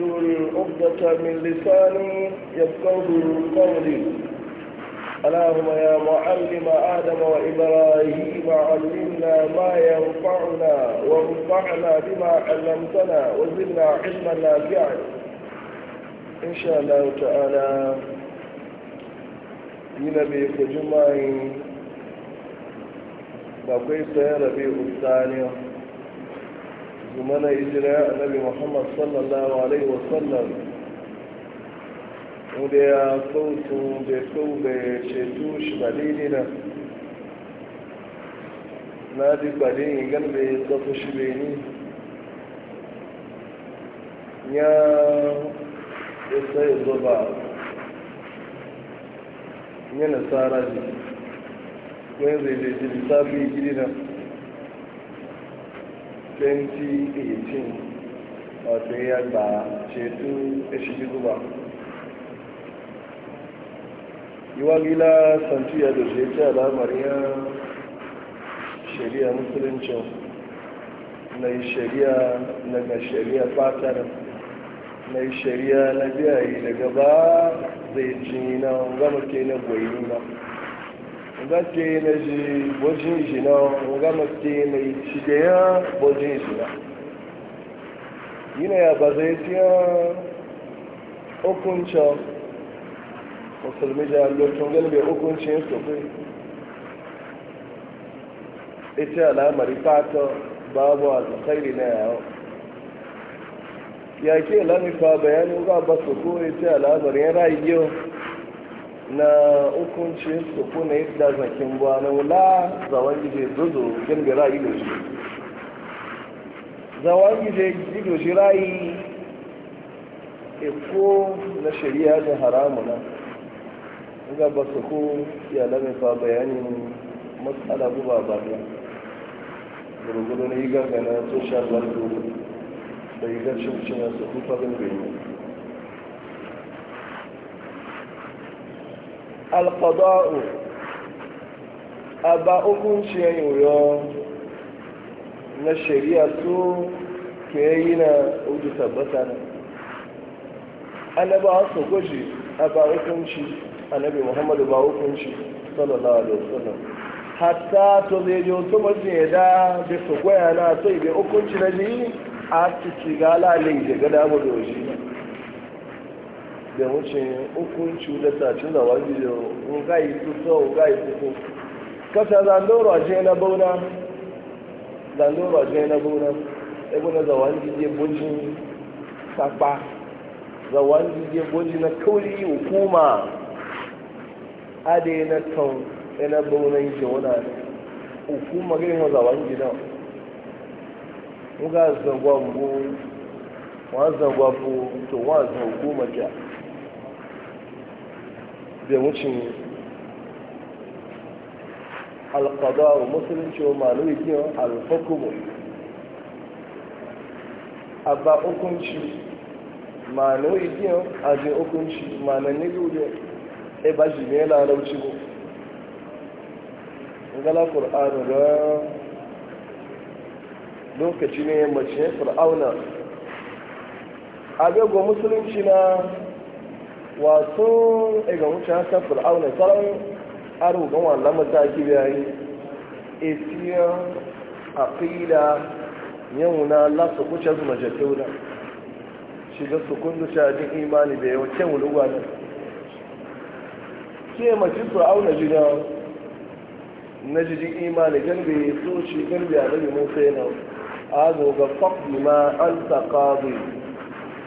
واحلل عقدة من لساني يفقه القول اللهم يا معلم آدم وإبراهيم علمنا ما ينفعنا وانفعنا بما علمتنا وزدنا علما نافعا إن شاء الله تعالى ينبي في جمعين بقيت يا ربيع الثاني mana ijira annabi muhammad sallallahu alaihi wasallam wanda ya kautu da ya kau da ceto shi ba daidai na na ji ba daidai gan da ya tsofa shi bai ya isa ya zuba yana tsara ne wanda ya ce lissafi gidi 2018 ọ̀tún yẹ gbà ṣètò ẹ̀ṣìṣẹ́ gbogbo ìwágílá sàntúyà da ṣe tí àlámàríyà shari'a musuluncin na shari'a daga shari'a fatar na shari'a na biyayi daga ba zai ji na gama ke na goyi na nga te na ji jina nga ma te na shige ya bojin jina yina ya ba ya tiya hukunca musulmi da lokacin galibe hukuncin su kai ita e al'amari fata babu a tsakairi na yawon ya ke lamifa bayanin ga ba su ko ita e al'amari ya rayu na hukuncin su kuna yadda zakin buwa na wula zawon gije zuzu gan bi ra'ayi da shi zawon gije gido shi ra'ayi eko na shari'a da haramu na ga ba su ko ya lami fa bayanin matsala guba ba da gurgudu na yi gangana social work group da yi gacin cinan su kufa gan bayanin alkọ̀dọ́rù àbá hukunci ya yíò na shari'a su ke yi na ojú tabbata na annabawa su gwaji a ba hukunci annabi muhammadu ba hukunci sallallahu alaihi wasallam hatta to zai je wasu mutum ya da da su gwaya na to ibe hukunci na ji a cikin gala ne da gada mu da wajen da wucin hukunci da tacin zawa biyu in ga yi tuto ga yi tuto kasa zandoro a je na bauna zandoro a je na bauna ebe na zawa jije bujin na kauri hukuma ade na yi hukuma na ga zangwa mbu wa zangwa fu to wa zai wucin alkada wa musulunci wa maluwi kiyon alfakubu abba hukunci maluwi kiyon aji hukunci mananni duniya e ba shi ne larauci ko ngala ƙur'anu ga lokaci ne mace fir'auna abin ga musulunci na wato eh, ga wuce haka fir'auna sauran aro ga wannan mataki bayan efiyan aqida yawuna la su kuce su majatuna shiga su kundu shajin imani da yau kyan wuluwa ne ke mace fir'auna jina na jijin imani garbe so shi garbe a rabi musa yana a zo ga faɗi ma an taƙa zai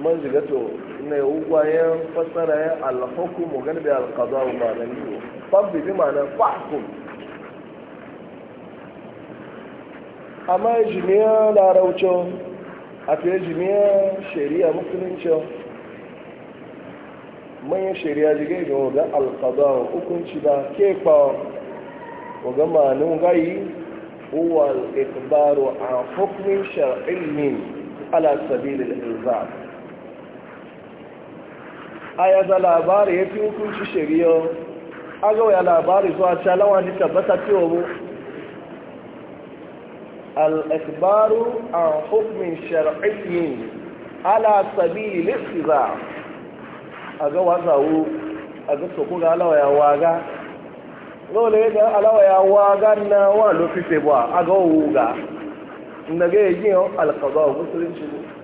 man ziga to na yi gwayen fassara ya alhukumu galibin alkazawa ma na niyo babbi bi ma'ana fahkum amma jimiya laraucin a fiye jimiya shari'a musuluncin manyan shari'a jiga ga waga alkazawa hukunci da kefa waga ma'anin gayi huwa al-ikbaru a hukumin shar'in min ala sabilil ilzam aya za labari ya fi hukunci shari'a a gawaya labari zuwa calawa ni tabbata cewa mu al'akbaru a hukumin shari'in ala sabi lissiza a ga wazawu a ga soko ga alawaya waga lọ́lẹ̀ ga alawaya waga na wà ló fi fẹ́ a ga wuga daga yi yin alkazawa musulunci ne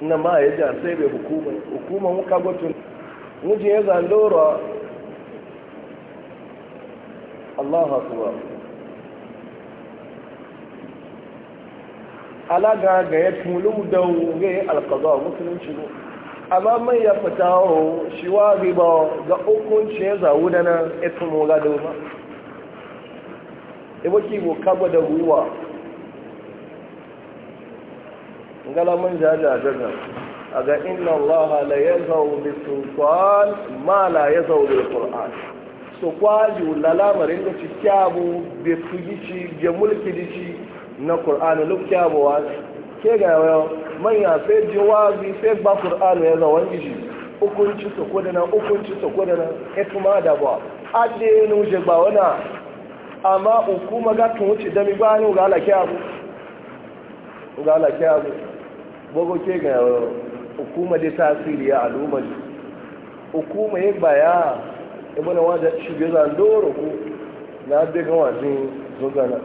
na ma ya ja sai bai hukuma hukuma muka gotun mujin ya zandora Allah akuwa alaga ga ya tulu da wuge alkazawa musulunci ne amma mai ya fita hau shi wa riba ga hukunci ya zawo da nan ya tumo ga doma ibo kibo kabo da ruwa ngala mun ja da daga aga inna allaha la yazau bi sultan ma la yazau bi qur'an so ulala lalamarin da cikyabu be tugici je mulki ci na qur'an lu kyabu wa ke ga yo ya sai jawabi sai ba qur'an ya zawan gishi hukunci su na hukunci su kodana e kuma da ba adenu je ba wana amma hukuma ga tun wuce da mi ba ni ga alakiyabu ga alakiyabu bugu ke ga ta da tasiri ya al'ummar hukuma ya baya ibn wanda shige zan ku na da ga wajin zogana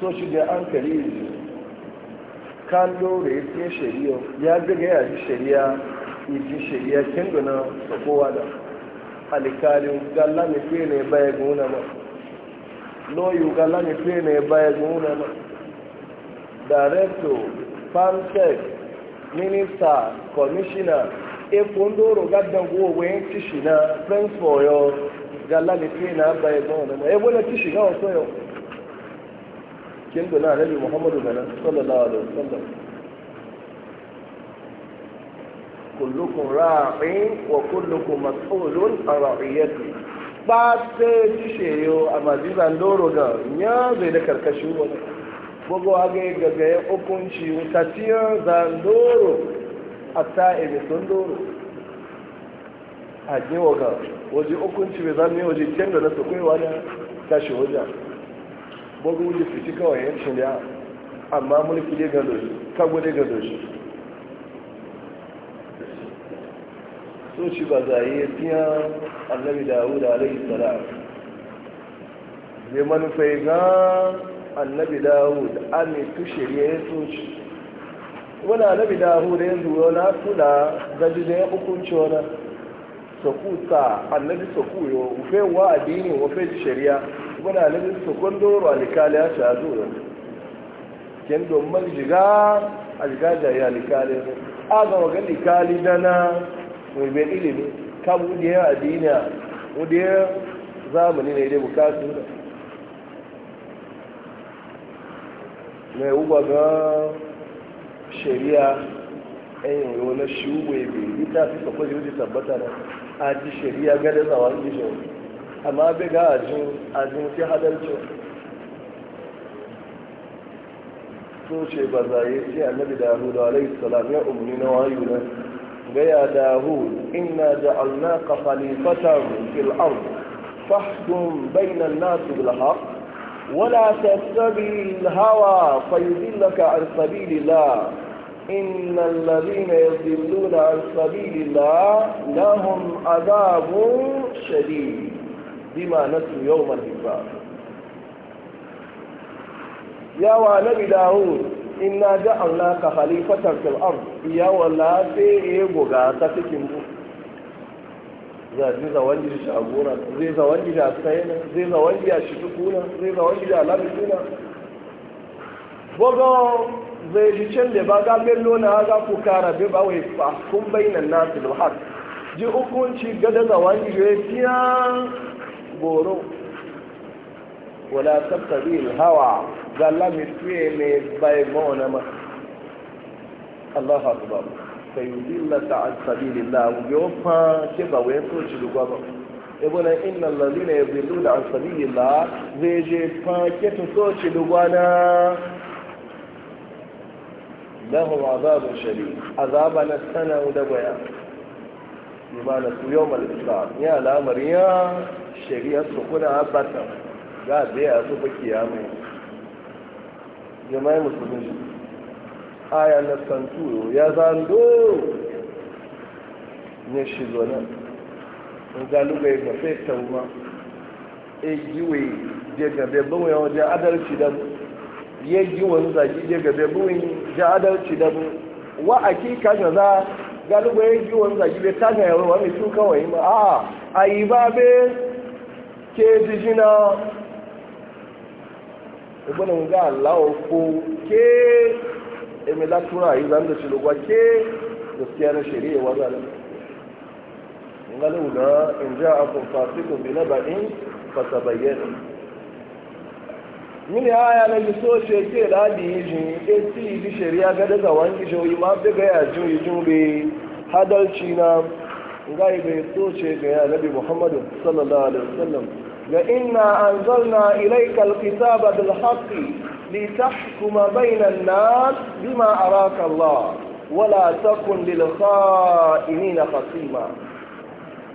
so shige an kari kan doro ya ce shari'a ya daga ya ji shari'a iji shari'a kin gona kowa da alikalin galla ne fiye ne baya gona ma loyu galla ne fiye ne baya gona ma director farmsec minista commissioner epo ndoro gadan gowe tishi na principal yo galla le pe na ba e gon na e tishi ga oso yo kin do na nabi muhammadu bana sallallahu alaihi wasallam kullukum ra'in wa kullukum mas'ulun an ra'iyati ba sai tishi yo amma zan doro ga nya zai da karkashin wani gbogbo aga gagaye hukunci wutaciyar zandoro a ta'ibe sun doro a jewa ga waje hukunci mai zami waje kyan da nasu kwaiwa na tashi wajen gbogbo wuce fiti kawai yancin ya amma mulki dai ga doshi kago dai ga doshi so ci ba za yi fiya annabi dawud alaihi salam zai manufai ga annabi dawud ami tushiri ya soci wani annabi dawud ya zuwa na tula gaji da ya hukunci wani sokuta annabi sokuyo ufe wa adini wafe shari'a wani annabi sokon doro alikali ya sha zuwa ken domin jiga algaja ya alikali ne a ga waga alikali dana mai bai ilimi kabu da ya adini a wadda ya zamani ne dai bukatu da mai uba ga shari'a ɗayin yau na shuwe bai yi ta fi sa kwaje wuce tabbata da a ji shari'a gada zawar gizo amma bai ga ajin ajin fi hadarci so ce ba za yi ce annabi da hudu alaihi salam ya umarni na wayu na gaya da hudu inna ja'alnaka khalifatan fil ard fahdum na nasu bil haqq ولا تتبع الهوى فيضلك عن سبيل الله إن الذين يضلون عن سبيل الله لهم عذاب شديد بما نسوا يوم الحساب يا ونبي داود إنا جعلناك خليفة في الأرض يا ولا تيغوغا تتكلم zai zawon gida a gona zai zawon gida a sayana zai zawon gida a shiga kuna zai zawon gida a labi kuna zai shi can da ba ga mello na ga ku kara bi ba wai ba kun bainan nasu da hak ji hukunci gada zawon gida ya fiya goro wala tattabi hawa ga lamitu mai bai mawana ma Allah akbar fayudillaka an sabilillah yofa ke ba wayan to ci lugwa ba na inna allazina yudilluna an sabilillah zai je fa ke to so ci lugwa na lahum azabun shadid azaba na sana da baya imana su yau malisa ya lamariya shari'ar su kuna abata ga zai a su bakiya mai jama'i musulunci aya na santuro ya zando ne shi zonan zona galuga ya mafe tauma e giwe je gabe bawon yawon je adalci da mu ya gi wani zaki je gabe bawon je adalci da mu wa a kika ga za galuga ya gi wani zaki bai taga yawon wani tun kawai ma a a yi ba be ke jijina ibi na ga allawo ko ke emi latura yi zan da shi lugwa ke gaskiya na shari'a wa zalim ngalin da in ja a kumfasikun bi na ba'in fata bayyana mini aya na yi so ce da adi yi jin eti yi shari'a ga daga wani yi ma fi gaya ya jin yi jin bi hadalci na ngai bai so ce ga ya nabi muhammadu sallallahu alaihi wasallam ga inna anzalna ilaika alkitaba bil haqqi لتحكم بين الناس بما أراك الله ولا تكن للخائنين خصيما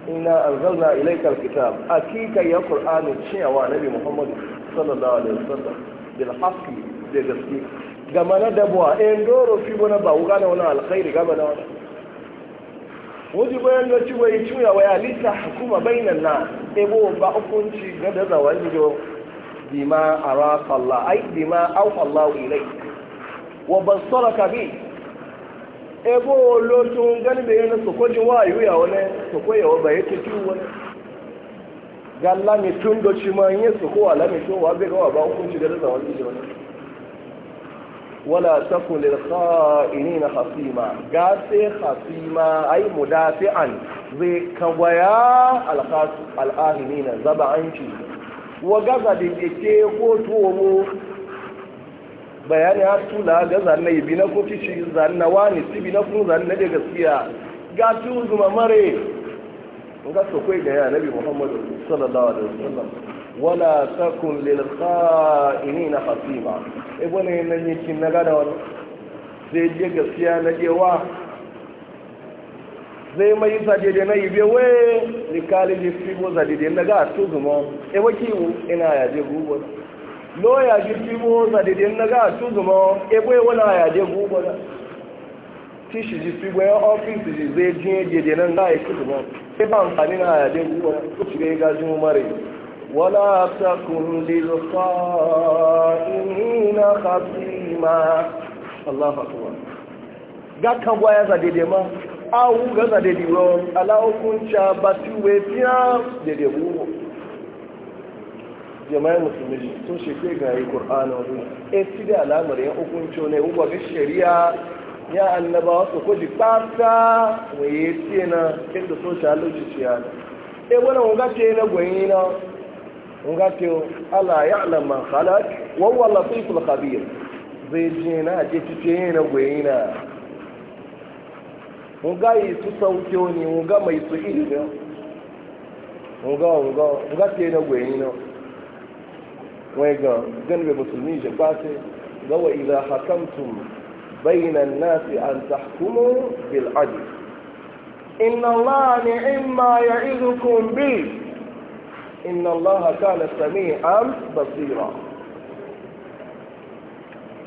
إنا أنزلنا إليك الكتاب أكيك يا قرآن الشيء ونبي محمد صلى الله عليه وسلم بالحق بالتسليم كما ندبوا إن دوروا في بنا باوغانا ونا الخير كما نوانا wani bayan da ci bai cuya waya lita hukuma bainan na ebo ba hukunci ga da zawon بما أراك الله أي بما أوفى Wa إليك وبصرك به ebo lotun gani bai yana su wa? wayo ya wani su koyawa bai yake ciwo wani ga lamitun da shi ma yin su kowa lamitun wa bai gawa ba hukunci da rasa wani ji wani wala takun lil kha'inina hasima ga sai hasima ai mudafi'an zai kawaya al khas al ahinina zaba'anci wa gaza da keke ko tuwo bayani har tula ga zanne bi na kofi shi zanna wani si bi na kun zanne da gaskiya ga tun zuma mare ga so kai ga ya nabi muhammadu sallallahu alaihi wasallam wala takun lil kha'inina hasima e bane nan yake na gada wani sai je gaskiya na je wa zai mai zadede na ibe we ni ji fibo zadede dede na ga tu zumo e waki wu ina e ya je gubo lo ya ji fibo zadede dede na ga tu zumo e, e we wala ya je gubo da ti shi ji fibo ya e office ji zai je dede na ga tu zumo e ba amfani na ya je gubo ku ci ga ji mu mare wala takun lil qa'imina khasima Allahu akbar ga kan gwaya zadede ma awu gaza da diwo alahukunca batu wai fiya da debu jama'i musulmi sun shefe ga yi ƙur'ana wani esi da alamar yan hukunci ne uba ga shari'a ya annaba su kwaji ɓata waye tiye na inda alo shaluci ciya na e wani wunga ce na gwanyi na wunga ce ala ya alaman halak wawan latiful khabir zai je na a ce cice na gwanyi na nga yi su sauke ne nga mai su ilimi nga nga nga te na gweni na wai ga ganbe musulmi je kwate ga wa idza hakamtum bayna an-nas an tahkumu bil adl inna allaha ni'ma ya'idukum bi inna allaha kana sami'an basira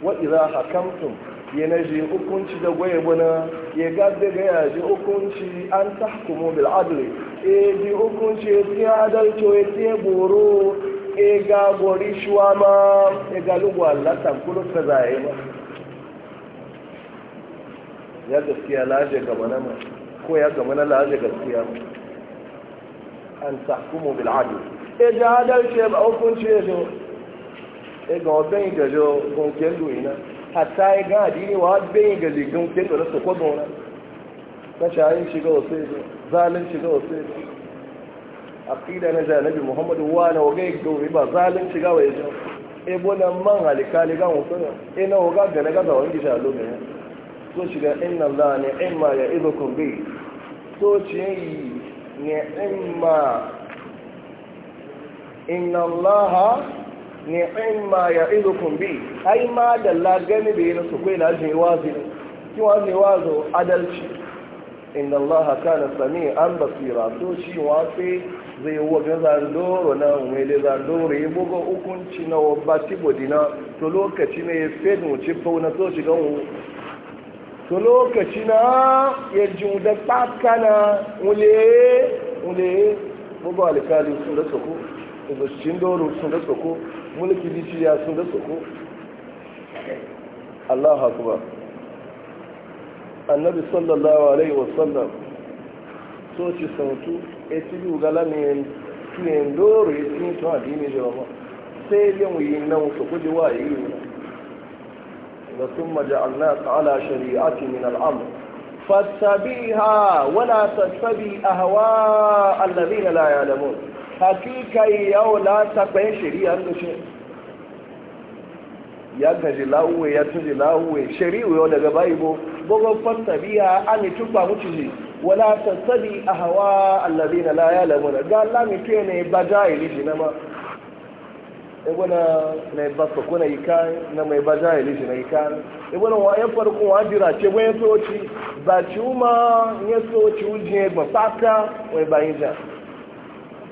wa idza hakamtum yana ji hukunci da gwaye bana ya gabe ga ya ji hukunci an tahkumu bil adli e ji hukunci ya tiye adalco ya tiye boro e ga gori shuwa ma e ga lugu Allah tankuru ka zaye ba ya gaskiya laje gaba na ko ya gaba na laje gaskiya an tahkumu bil adli e ji adalci ya ba hukunci ya jo e ga obin gajo gunkin duina hatta ya ga adini wa bai ga ligin ke da rasa kwadon wani na shayin shiga wasu ya zalin shiga wasu a aqida na janabi muhammadu wa na wagai gauri ba zalin shiga wa ya jan ebo na man halika ne ga wasu ya ina e waga ga na gaza wani shalo ne so shiga inna allah ne imma ya izo kumbi so ciyayi ne imma inna allaha ni'in ma ya kumbi a ai ma da lagani da yana su kwai lajin wazi ki wani wazo adalci inda allaha kana sami an basira to shi wasu zai waga zandoro na wele zandoro ya buga hukunci na wabba tibodina to lokaci na ya fedin wuce fauna to shiga wu to lokaci na ya ji da tsakana wule wule buga alikali su da su ubashin doro sun da soko mulki jijiya sun da soko Allah ba. annabi sallallahu alaihi wasallam so ci sautu e ti yi ugala ne tuyen doro e ya tun to adini da wama sai yan yi nan su kuje wa yi yi da sun maja'alna ala shari'ati min al'amr fattabiha wala tattabi ahwa alladhina la ya'lamun hakika yau la ta kwaye shari'a da shi ya gaji lauwe ya tuji lauwe shari'u yau daga baibo gogon fasta biya an yi tuba mutu ji wala ta sabi a hawa allazi na laya ya lamuna ga lami ke ne ba jahili shi na ma ibuna na ba kuna yi kayan na mai ba jahili shi na yi kayan ibuna wa ya farkon wa jira ce wani soci ba ci ma yin soci wujen ba sata wai bayan jahili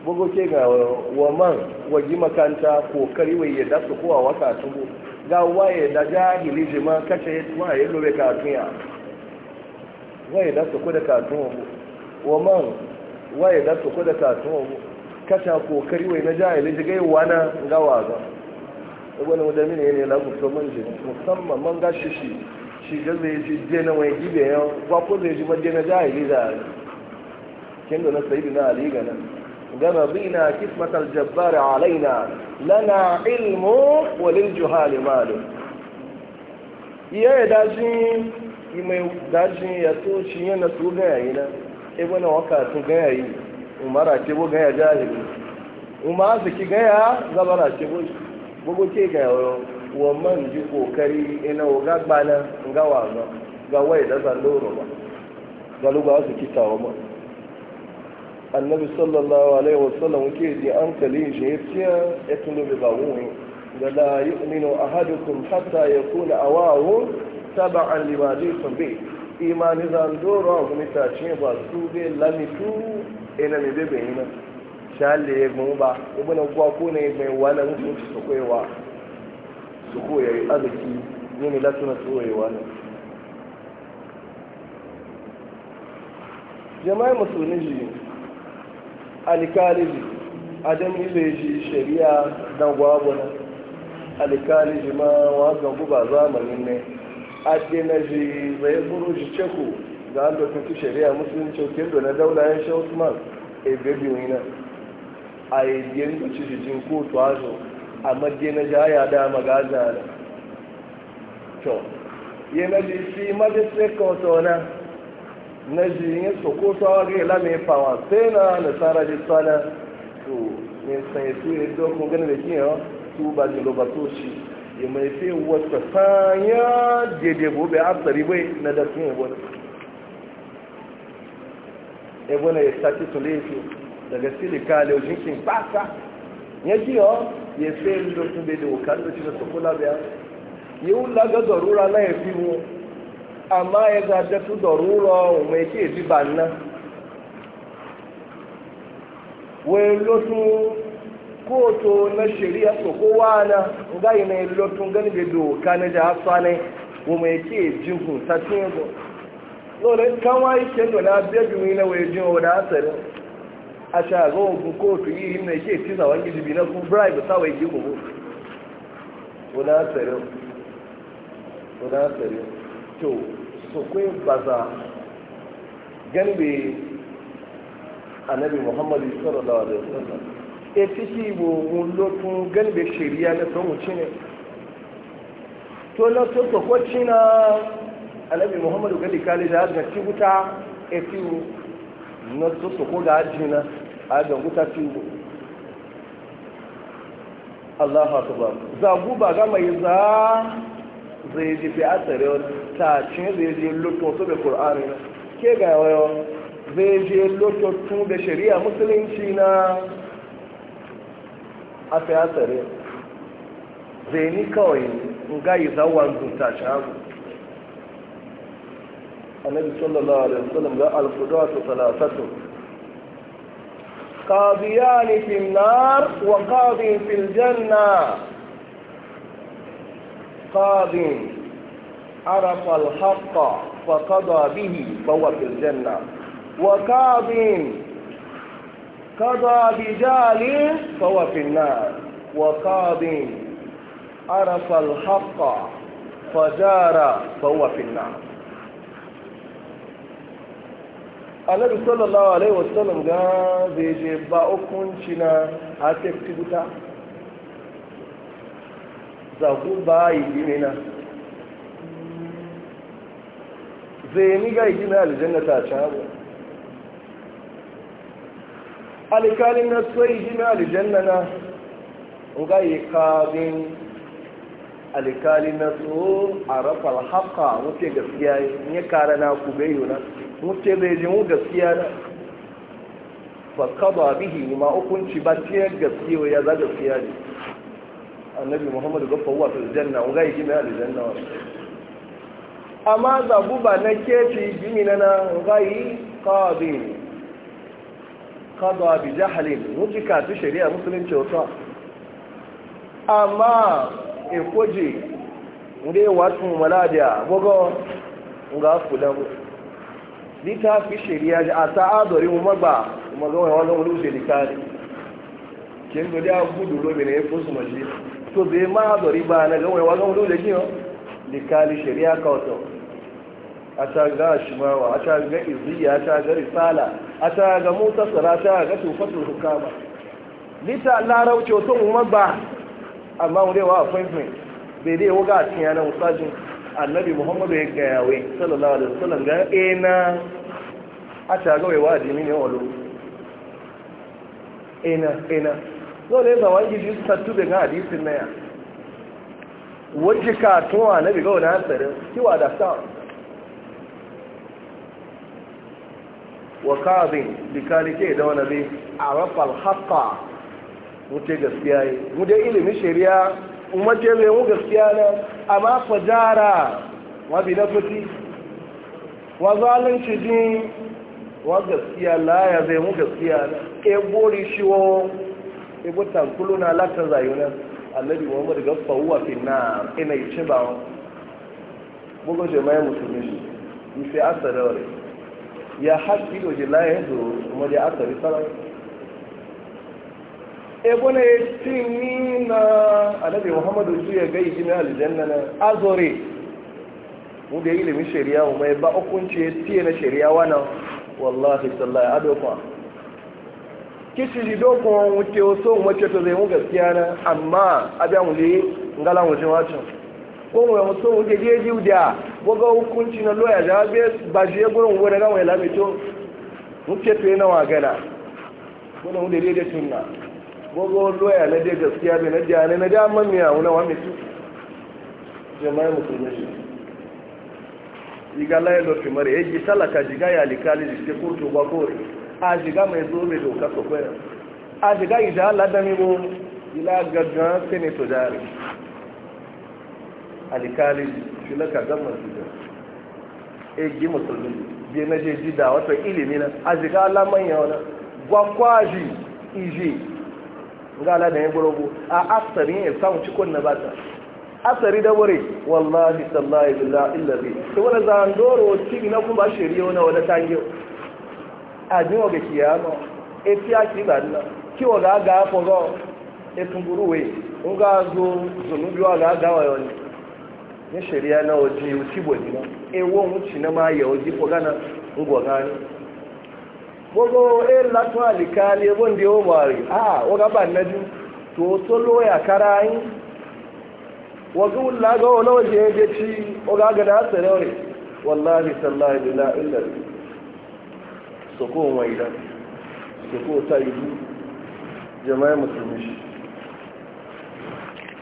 bugu ke ga wa man waji makanta kokari wai ya dasu kowa waka tubu ga waye da jahili ma kace wa ya lobe ka tunya waye da su kuda ka tunya wa man waye da su kuda ka tunya kaca kokari wai na jahili ga wana ga waza wani da mini ne la gusto man ji musamman man ga shi shi shi da zai ji dena wai gibe ya. ba ko zai ji madena jahili da kin da na sayyidina ali ganan gama bina kismatal jabbar alaina lana ilmu walil juhali malu iya dajin imai dajin ya to shi yana su gaya yi na ibana waka su gaya umara ke bu gaya jahili umar su ki gaya zabara ke bu bugu ke gaya wa man ji kokari ina ga gbana ga wazo ga wai da zalloro ba galuga su kitawa mu annabi sallallahu alaihi wasallam ke ji an kalin shi ya ciya ya tunu bi bawuhi da la yu'minu ahadukum hatta yakuna awahu tab'an lima jitum bi imani zan doro gumi ta ce ba su be lamitu ina eh, mi be bayina shalle ya gumu ba ibn gwa ko ne mai wala mutu su koyewa su koyayi azaki ne la tuna soyewa ne jama'a musulmi alkaliji adam ile ji shari'a dan gwagwana alkaliji ma wanga guba zamanin ne adina shi zai buru ji ceko ga an dokutu shari'a musulunci kin da na daula ya sha usman e bebi wina a yi yin ci shi jin kotu azo a madina ja ya da magaza na to yana ji si majalisar kautona na jiyin sokoto ga ila mai fawa sai na nasara da tsana to ne sai su ne don kun gani da kiyan su ba ne lo ba to shi ya mai fi wata sanya dede gobe a tsari bai na da sun yi wani ebe na ya sati su lefi daga silika da jinkin fasa ya kiyo ya sai lokacin bai da wakar da shi da sokola bayan yi wula na ya fi mu amma ya ga tu dọrọ ụlọ mai ke ji ba nan wai lotun koto na shari'a su kowa na gayi na lotun gani bai doka na jihar sanai wa mai ke jin kun satin yanzu lori kan wayi kendo na bejumi na wai jin wa da asali a shagon kotu yi na ke ci zawon gijibi na kun bribe sa wai gibu ko na asali ko na asali to su kai baza ganbe annabi muhammadu sallallahu alaihi wasallam e fiti bo mun lokun ganbe shari'a na son wuce ne to na to to ko cina annabi muhammadu gali kale da ga ci wuta e fi na to to ko ga ajina a ga wuta ci Allahu akbar zagu ba ga mai za zai ji fi asare ta cin zai ji lotto su da ƙur'ani na ke ga yawa zai ji lotto tun da shari'a musulunci na a fi asare zai ni kawai ga yi zawon zunta shagu annabi sallallahu alaihi wasallam ga alfudatu salasatu qadiyani fil nar wa qadin fil janna قاض عرف الحق فقضى به فهو في الجنة وقاض قضى بجال فهو في النار وقاض عرف الحق فجار فهو في النار النبي صلى الله عليه وسلم قال بيجي باوكم شنا هاتف zaku ba yi na zai ni ga yi gina aljannata can alikalin na sai gina aljanna na ga yi kabin alikalin na so a rafar haka wuce gaskiya ya kara na ku bai na wuce zai jin gaskiya na ba kaba bihi ma hukunci ba ce gaskiya ya za gaskiya ne annabi muhammadu ga fawwa fil janna un ga yi na aljanna wani amma zabu ba na kefi gimina na ga yi qadin qada bi jahlin mujika tu shari'a musulunci wata amma e koje nde watu maladia bogo nga fudan litafi shari'a ji a ta'adori mu magba kuma ga wani wani wuce likari kin gudu ya gudu lobe ne ya fusu majina to bai ma zari ba na ga wani wagon lula jiyo shari'a kawato a ta ga shimawa a ta ga izziya a ta ga risala a ta ga mutasara a ta ga tufatul hukama lita larauci wato umar ba amma wurewa appointment bai dai a cikin yanar musajin annabi muhammadu ya gaya wai sallallahu alaihi wasallam ga ena a ta ga wai wa ne ena ena dole ba wani gidi su sattu bin hadisin na ya wajen katuwa na biga wani hatsari? kiwa da sa wa kazin bikalike da wani zai a rafal haka wuce gaskiya yi wuce ilimin shari'a umarci mai wu gaskiya na A amma fajara wabi na kuti wa zalunci jin wa gaskiya laya zai mu gaskiya na ke gori e shi ebo tankulu na lata zayuna annabi muhammad ga fawuwa fi na ina ce ba wa. je mai musulmi yi fi asara wale ya haƙi oji je laye zo kuma da asari sarai ebo na ya ci ni na annabi muhammad su ya gai jini aljanna na azori mu da ilimin shari'a mu mai ba hukunci ya tiye na shari'a wannan wallahi sallaya adokwa kishi ji dokun wuce wasu wace to zai mu gaskiya na amma a wule ngala wajen wacin ko mu ya musu wuce je ji da waga hukunci na loya da ba shi ya gurin nwere gama ya lami to wuce to yana wagana wani wule ne da tunna waga loya na je gaskiya bai na jani na daman miya wani wani tu jama'i musulmi shi igala ya dofi mara ya ji jiga ya da ke kurtu ba a mai zo mai doka su kwaya a shiga ija Allah da mibo ila gaggan senator jari alikali shi na kagan masu jan egi musulmi je na je ji jida wata ilimi na a shiga Allah manya wani gwakwaji iji ga Allah da ya burogo a asarin ya samu cikon na bata asari da wuri wallahi sallahi billahi illazi to wani zandoro ciki na kuma shari'a wani wani tangiyo àdínwò gè kì yà etí àkìlà nà kí wọ́n gà gà fọ́gọ́ etunguru wè ń gà zo zònú bí wọ́n gà gà ni ní sẹ̀ríà náà ò na ìwù tìbò nínú ewu ń tì náà máa yẹ náà ń gbọ̀ ni. gbogbo e látún àlìká ni ewó ń di ó rí a wọ́n gà bà nẹ́jú tòótó lówó àkárá yín wọ́n lágọ́ ọlọ́wọ́ jẹ́ ẹgbẹ́ tí sẹ̀rẹ̀ rẹ̀ wọ́n soko waida soko ta ibu jama'a musulmi shi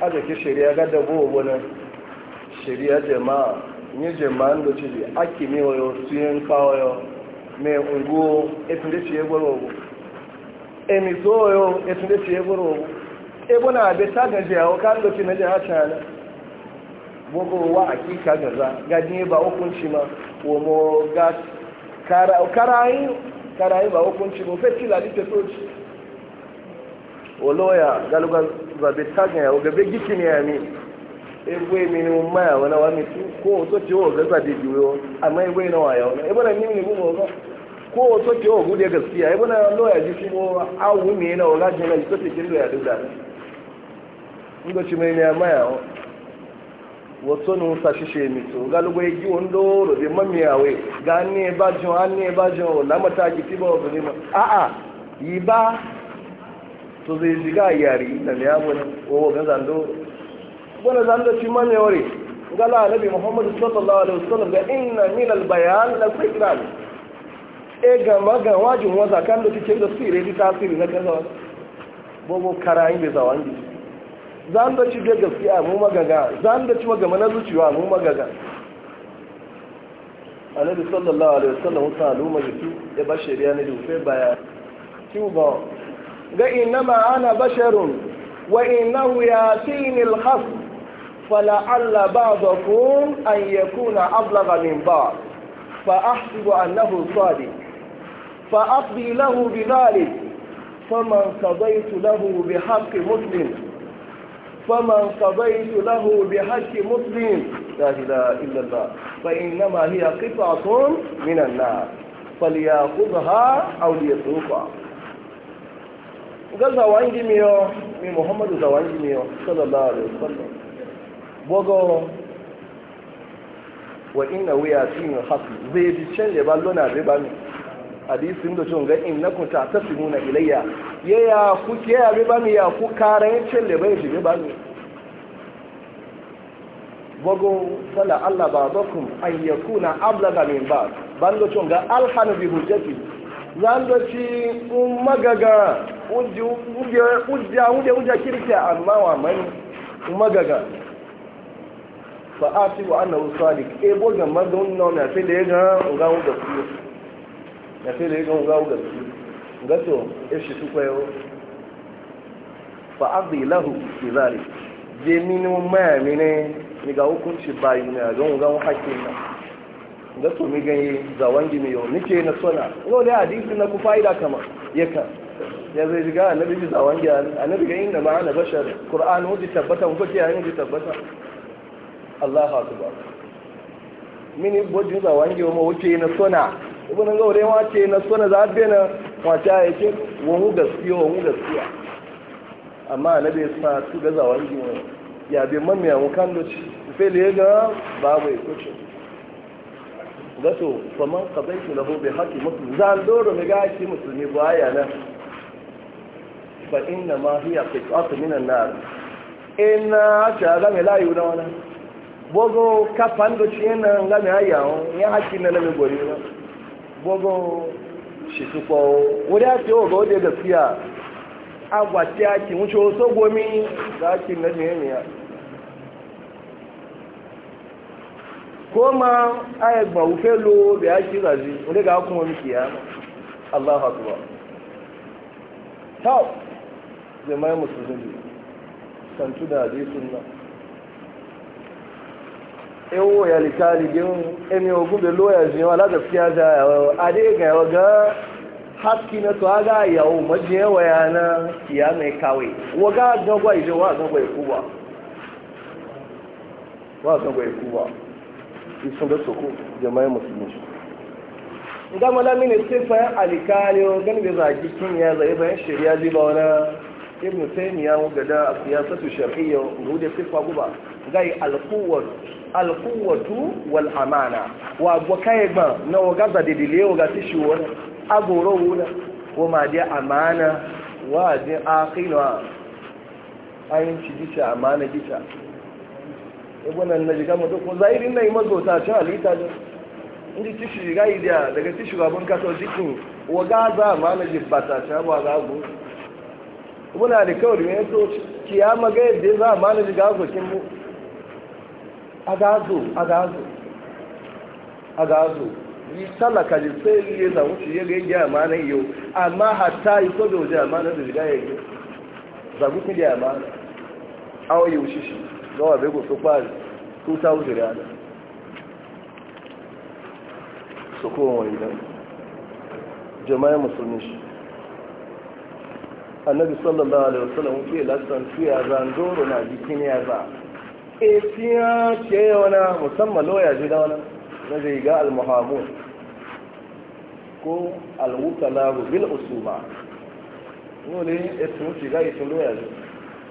haka ke shari'a ga dabo wani shari'a jama'a nye jama'an da ce da ake mewa yau su yin kawo yau mai ungo etin da ce ya gwaro ogu emizo yau etin da ce ya gwaro ogu ebo na abe ta gaji yawon kan da ce na jiha cana gbogbo wa akika gaza gajin ba hukunci ma womo gas Kara karayin ba hukunci ba fai kila lita toci loya galugan zabe tagan ya gabe giki ne ya mi egwe mi ni mo maya wani wa mi tu ko o to o ga zabe biyo amma e na wa ya wani ebe na ni ni ko o to o gude gaskiya ebe na loya ji ki mo awu mi na o jina ji to kin loya wato ni musa shishe mito galugo yi giwon doro bi mamiyawe ga ne ba jin an ne ba jin wala mata ki tiba wa bani ma a a yi ba to zai a yari na ne abu ne o ga zando wala zando ci mamiyawari gala alabi Muhammadu sallallahu alaihi wasallam ga inna min al bayan la fikran e ga maga wajin waza kan da cikin da sire di tasiri na kaza bobo karayin bai zawangi zan da ci ga gaskiya mu magaga zan da ci maga mana zuciwa mu magaga annabi sallallahu alaihi wasallam ta aluma jiki ya ba shari'a ne dufe baya cuba ga innama ana basharun wa innahu yatini al fala alla ba'dakum an yakuna ablagha min ba'd فأحسب أنه صادق فأقضي له بذلك فمن قضيت له بحق مسلم فمن قضيت له بحق مسلم لا إله إلا الله فإنما هي قطعة من النار فليأخذها أو ليتركها ga zawangi miyo mi muhammadu zawangi miyo sallallahu alaihi wasallam bogo wa inna wiya tin haqi zai bi challe ballona be ba mi hadisin da cin ga'in na kun ta tafi muna ilayya ya ya ku ke ya bi bani ya ku karan cin da bai shige bani bago sala Allah ba zakum an yakuna ablaga min ba bando cin ga alhanu bi hujjati zando ci un magaga uje uje uje uje kirkiya amma wa mani magaga fa asibu annahu sadiq e boga mazunnona sai da ya ga ga da su na fi da yi gan gawo gaske gato ya shi su kwayo fa arzi lahu fi zari je mini mayami ne ni ga hukunci bayi na gan gawo hakkin na gato mi ganye zawon gimi yau nike na sona yau da hadisi na ku fa'ida kama yakan ya zai shiga annabi ji zawon gyari annabi ga inda ma ana bashar qur'an wuce tabbata ko ke yayin ji tabbata Allahu akbar mini bojin za gimi ma wuce na sona ibn gaure ma ce na suna a na kwata ya ce wa mu gaskiya wa mu gaskiya amma na bai sa su gaza wani ne ya bi mamma ya wuka da ci da ga babu ya kuce gato faman kabaitu lahu bi haqqi muslim zan doro mi ga shi musulmi ba ya nan ba inna ma hiya qit'atu min na na. ina ta ga mai layu na wani bogo kafan do yana nan ga mai ayawo ya hakki na na mai gori na gogon shi su kwawo wadda wa ga wadda gaskiya agwace ake wuce wasu gomi da ake na jiyaniya koma a yi wufe lo da ake zaji wadda ga kuma miki ya Allah haɗuwa tau zai mai musulmi santu da zai sunna ewu ya litali din emi ogun da loya jin wala gaskiya da ade ga waga haski na to aga yawo majiye waya na ya mai kawai waga gagwa ije wa gagwa kuba wa gagwa kuba isun da soko jama'i musulmi ga mala mini sai fa alikali ganin da zaki kin ya zai bayan shari'a ji ba wani ibn taymiya ga da siyasatu shar'iyya gode sifa guba gai alquwwat alquwwatu wal amana wa bokaye ba na wagaza de dile ga tishi wani, agoro wona wa ma dia amana wa din akhira ayin ci dice amana dice ibn an najiga mu ko zahirin nan mazo ta ta alita ne inda tishi gai da daga tishi gaban kaso jikin wagaza amana jibbata ta ba ga go muna da kawai mai so kiyama ga yadda za a mana ji gazo kin mu a gazo a gazo a gazo yi talaka ji sai yi za wuce ya ga yi amana yau amma hata yi so da a amana da riga ya yi zagu kun da amana awa yi wuce shi gawa bai gosu kwari su ta wuce da ana su kowa wani jama'a musulmi shi annabi sallallahu alaihi wasallam ke lasan tuya zan doro na jikin ya za e tiya ke wana musamman loya ji da wana na zai ga almuhamun ko al alwukala bil usuma wani ya ga shiga sun loya ji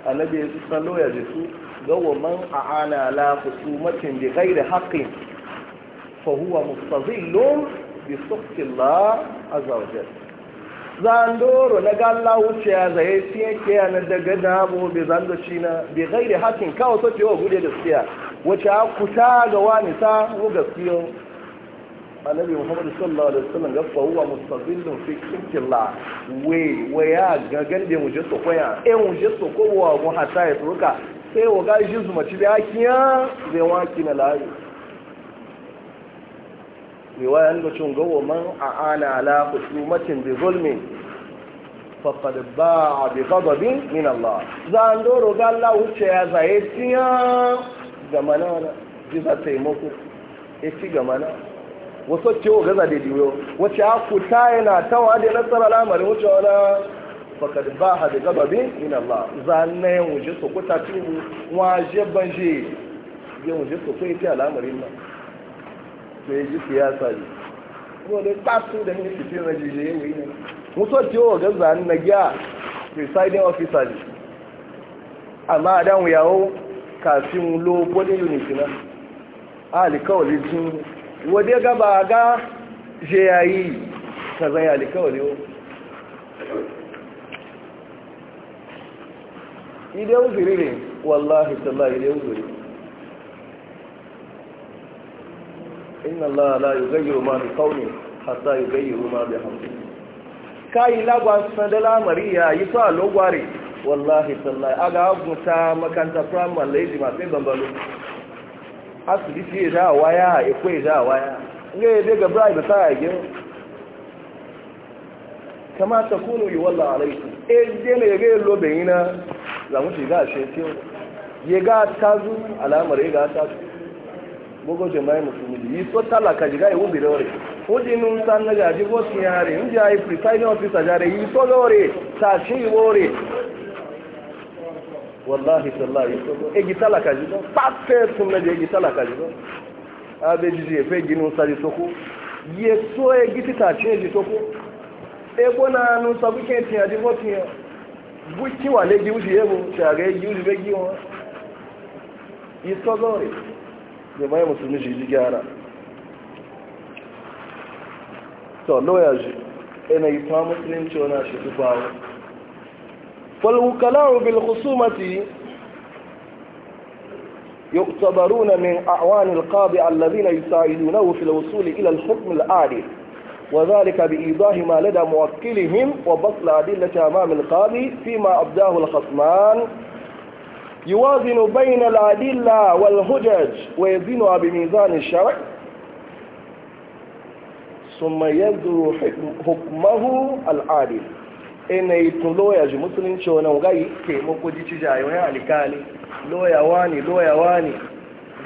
annabi ya ji san loya ji su wa man a'ana la husumatin bi ghairi haqqin fa huwa mustazillun bi sukti Allah azza zandoro na galla wuce ya zaye siya kiya na daga damu bai zando shi na bai gaire hakin kawo so wa gude gaskiya wace a kuta ga wani ta mu gaskiyo annabi muhammad sallallahu alaihi wasallam ga fa huwa mustazillun fi kinkilla we waya ga gande mu je sokoya e mu je sokowa mu hata ya turka sai wa ga jizu mace da kiya zai waki na lafiya riwaya ga cin gawo man ana ala macin bi zulmin faqad a bi ghadabin min Allah a doro ga Allah wuce ya zaye tiya ga mana ji za taimako ya ci ga mana wasu ciwo gaza da diwo wace a kuta yana tawa na nasara lamarin wuce wala faqad ba'a bi ghadabin min Allah zan ne wuce su kuta cikin waje banje ya wuce su kai ta lamarin nan to ya ji siyasa ne kuma dai da ne fitin na jijiye mai ne mutuwar ciwo ga zane na giya presiding officer amma a dan yawo kafin lo body unit na alikawali sun wadai gaba ga je yayi ka zan alikawali idan uzuri ne wallahi tallahi idan inna Allah la yughayyiru ma biqawmin hatta yughayyiru ma bi anfusihim kai lagwa sandala mariya yi fa logware wallahi sallahi aga agunta makanta primary lady ma sai bambalo asibiti da waya e ko da waya ne ga daga da sai gin kama ta kunu yi walla alaiku e jene ne ga lobe yana za mu shiga a shekiyar ya ga tazu alamar ya ga tazu bugo jama'i musulmi yi so talaka jiga iwu bi lore oji nun san na gaji go ti yare in ji ai presiding officer jare yi so lore ta shi wore wallahi sallahi so e gi talaka jiga passe sun na je gi talaka jiga abe jiji e fe gi nun sa ji soko ye so e gi ti ta chi ji soko e bona nun sa bu ke ti aji go ti bu ki wa le gi u ji e bu ta ga gi u ji be gi won yi so lore فالوكلاء بالخصومة to bil يعتبرون من أعوان القاضي الذين يساعدونه في الوصول إلى الحكم العادل وذلك بإيضاح ما لدى موكلهم وبطل أدلة أمام القاضي فيما أبداه الخصمان wal hujaj يوازن بين bi والهجج ويزنها بميزان الشرع ثم يذر حكمه العادل ina yi tun loya ji musulunci wani gai muku ji cija yi wani alikali loya wani loya wani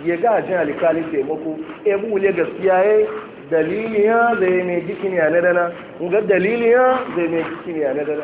ya ga jin alikali muku? ebu wule gaskiya ya daliliya zai mai jikini a nadana ga daliliya zai mai jikini a nadana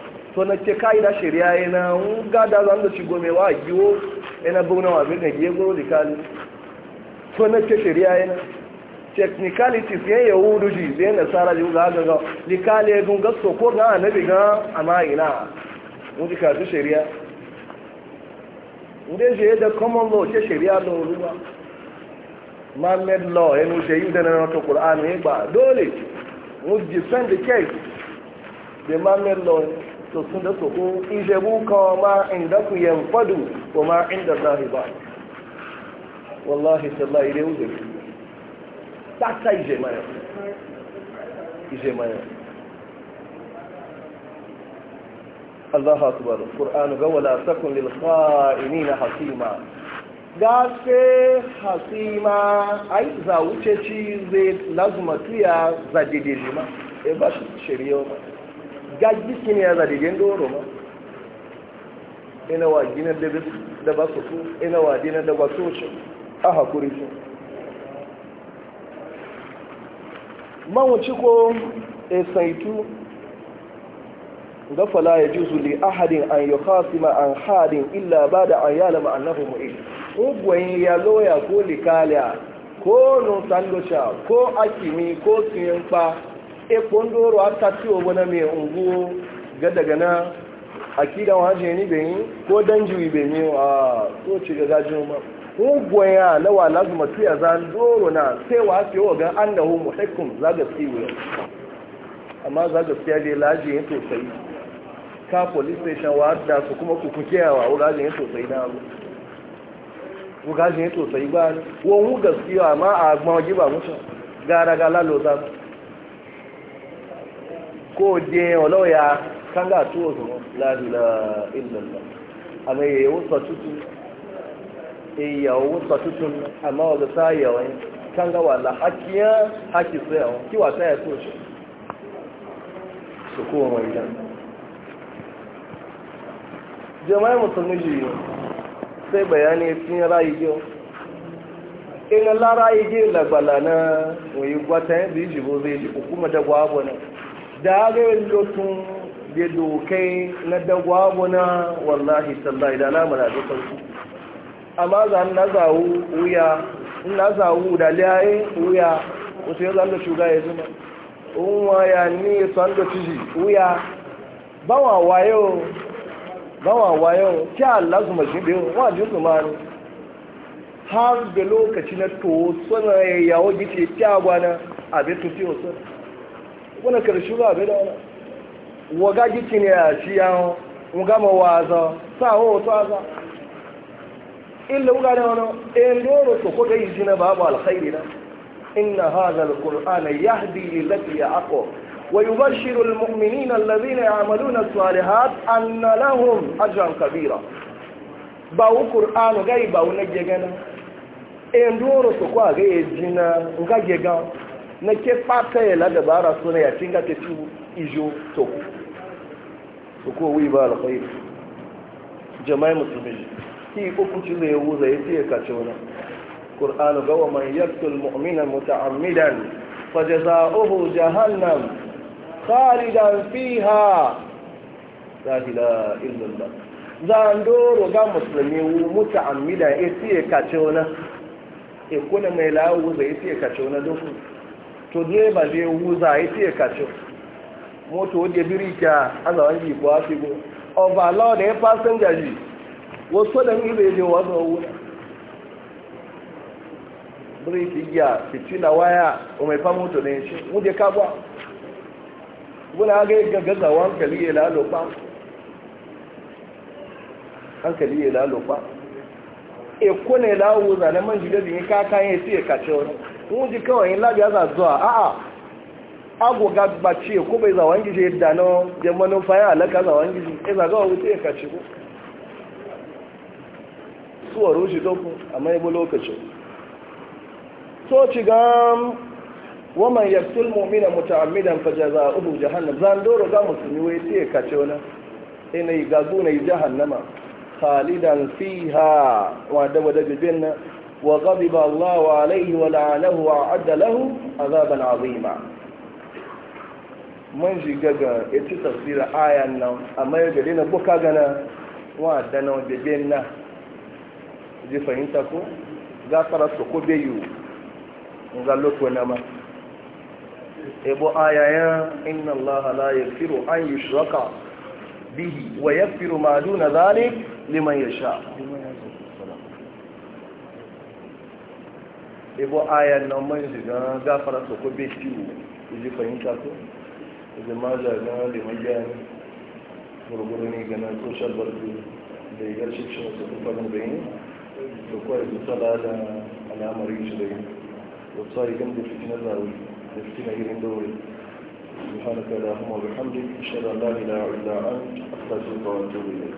to na ce kai da shari'a yana gada zan da ci gome wa giwo yana na wa bin da giye goro kali to na ce shari'a yana ya wudu ji zai na sara ji ga ga li kali gun ga so ko ga annabi ga amma ina mu ji ka shari'a ndé ṣe é dẹ common law mohammed law send the case mohammed law to sun da soko in shebu kawo ma inda ku yanfadu wa ma inda zahi ba wallahi sallah ire uze tata ije maya ije maya Allah akbar Qur'an ga wala takun lil na hasima gafe hasima ai za wuce ci zai lazumatu ya zadidilima e ba shi shari'a gaji shi ne ya zaɗi gen doro ma ina wa gina da ba su su ina wa dina da ba su shi a hakuri shi mawuci ko a e saitu fala ya zule a ahadin an yi ma an hadin illa ba da an an annahu mu'in ugwayin ya loya ko likaliya ko nusan ko akimi ko siyan ekpo ndị ọrụ atati obona mai ungu ga daga na akida waje ni benyi ko danji benyi a to ci ga gajin ma ugwaya na wa lazuma tuya za doro na sai wa ce wa ga annahu muhakkum za ga siwe amma za ga siya dai laji ya sosai ka police station wa da su kuma ku kukiyawa wurajin ya sosai na abu wurajin ya sosai ba ne wani gaskiya amma a gbawagi ba mutu gara ga lalota ko je oloya kanga tu ozo la ilaha illallah ama ye wo so tutu e ya wo so tutu ama o sa ya wa kanga wala hakiya haki se o ki wa sa so so so ko o ida jama'a musulmi ji sai bayani tin rayi jo in lara yi ge lagbala na oyi gwata yin bi jibo zai ji kuma da gwabo da gawin lotun da dokai na dagwaguna wallahi sallahi da na mara da sauki amma za na zawu wuya na zawu da layayin wuya wasu ya zanga shuga ya zuma unwa ya ne san da ciji wuya bawa wayo bawa wayo ki Allah zuma shi da wa ji zuma ne har da lokaci na to suna yawo gice kya gwana a bitu ciwo suna wani karshe ba bai da wani waga giki ne a shi yawon muga ma waza sa hoto aza illa muga da wani in doro to kuka yi jina babu alkhairi na inna hadha alqur'ana yahdi lillati ya aqwa ويبشر المؤمنين الذين يعملون Kabira. jina, na ke fata ya ladabara suna ya cinga ta tu ijo to su ko wi ba alkhairu jama'i musulmi ki uku ci zai wuza ya ce ka ci wani qur'anu ga wa man yaqtul mu'mina muta'ammidan jazaohu jahannam khalidan fiha la ilaha illallah zandoro ga musulmi wu ya ce ka ce wani e kuna mai lawo zai ce ka ce wani dukkan to direba zai wuza ya ce kacin moto wadda birika a zawon ji kuwa fi go overlaw da ya fasin gaji wasu da ibe je wazan wuna biriki giya fitina waya o mai fa moto ne shi wuje ka ba wuna ga yi gaggaza hankali ya lalopa hankali ya lalopa ekwu na ya lawo zanen man jidabin ya kakan ya ce kacin wani ji kawai labi za zuwa a'a agoga gbace ko bai zawon gije da na jamanin faya alaka zawon gije ya eh, zagawa wuce ya kaci ko suwa rushe doku a maibu lokacin so ci ga waman ya yaktul mu'mina muta'ammidan fajaza'uhu jahannam zan doro ga musulmi wai sai ya kace wani ina yi gazu na yi jahannama khalidan fiha wa da wadabibin na وغضب الله عليه ولعنه وأعد له عذابا عظيما mun shiga ga ita tafsirin ayan nan amma ya gari na buka gana wa da na wajen na ji fahimta ko gafara su ko beyu ga loko na ma ebo ayayen inna allaha la yaghfiru an bihi wa yaghfiru ma liman yasha ibo ayan nan man shiga gafara su ko be ciwo ji fahimta ko da maza na liman gani gurguru ne gana social barbi da ya garshi shi wasu kufarin da yi da kawai su tsala da al'amarin shi da yi da tsari gan da fitina zaru da fitina irin dore سبحانك اللهم وبحمدك اشهد ان لا اله الا انت استغفرك واتوب اليك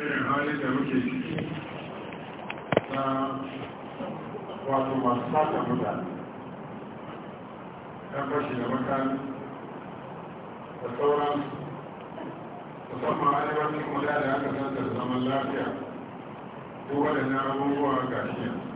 irin halin da muke ciki na wato masu sata mutane ya fashi da mutane da sauran musamman arewacin da aka santa zaman lafiya duk waɗannan abubuwa gashi yanzu